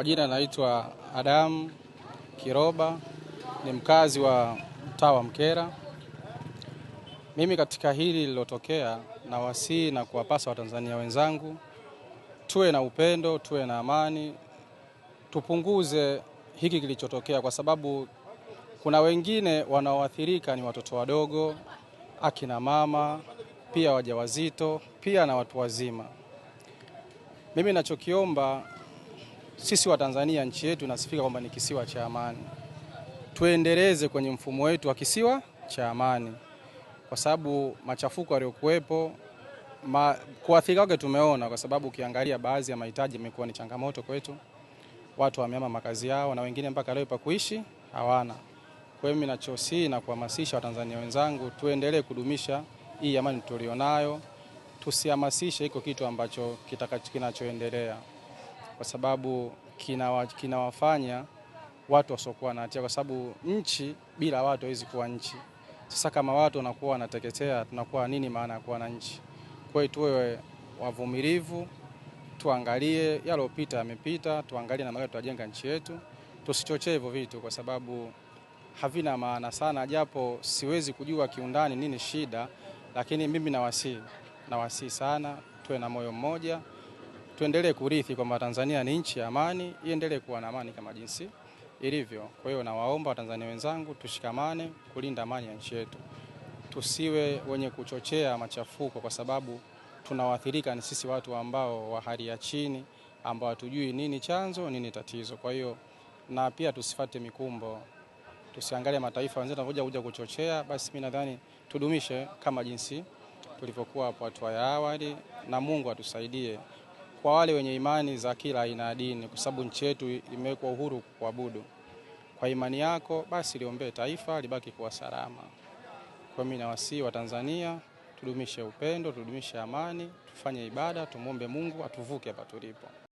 Kwa jina naitwa Adamu Kiroba, ni mkazi wa mtaa wa Mkera. Mimi katika hili lililotokea, nawasihi na kuwapasa Watanzania wenzangu tuwe na upendo, tuwe na amani, tupunguze hiki kilichotokea, kwa sababu kuna wengine wanaoathirika ni watoto wadogo, akina mama, pia wajawazito, pia na watu wazima. Mimi nachokiomba sisi wa Tanzania nchi yetu inasifika kwamba ni kisiwa cha amani. Tuendeleze kwenye mfumo wetu wa kisiwa cha amani, kwa sababu machafuko yaliyokuwepo ma, kuathirika kwake tumeona, kwa sababu ukiangalia baadhi ya mahitaji yamekuwa ni changamoto kwetu, watu wameama makazi yao na wengine mpaka leo pa kuishi hawana. Kwa hiyo mimi nachosii na kuhamasisha Watanzania wenzangu tuendelee kudumisha hii amani tulionayo, tusihamasishe iko kitu ambacho kitakacho kinachoendelea kwa sababu kinawafanya kina watu wasiokuwa na hatia, kwa sababu nchi bila watu hawezi kuwa nchi. Sasa kama watu wanakuwa wanateketea, tunakuwa nini maana ya kuwa na nchi? Kwa hiyo tuwe wavumilivu, tuangalie yaliyopita yamepita, tuangalie namna gani tutajenga nchi yetu, tusichochee hivyo vitu kwa sababu havina maana sana, japo siwezi kujua kiundani nini shida, lakini mimi nawasihi nawasihi sana tuwe na moyo mmoja tuendelee kurithi kwamba Tanzania ni nchi ya amani, iendelee kuwa na amani kama jinsi ilivyo. Kwa hiyo nawaomba Watanzania wenzangu tushikamane kulinda amani ya nchi yetu, tusiwe wenye kuchochea machafuko, kwa sababu tunawaathirika ni sisi watu ambao wa hali ya chini, ambao hatujui nini chanzo nini tatizo. Kwa hiyo na pia tusifate mikumbo, tusiangalie mataifa wenzetu wanakuja kuja kuchochea. Basi mimi nadhani tudumishe kama jinsi tulivyokuwa hapo hatua ya awali, na Mungu atusaidie kwa wale wenye imani za kila aina ya dini, kwa sababu nchi yetu imewekwa uhuru kuabudu. Kwa imani yako basi liombee taifa libaki kuwa salama. Kwa mimi nawasihi wa Tanzania tudumishe upendo, tudumishe amani, tufanye ibada, tumwombe Mungu atuvuke hapa tulipo.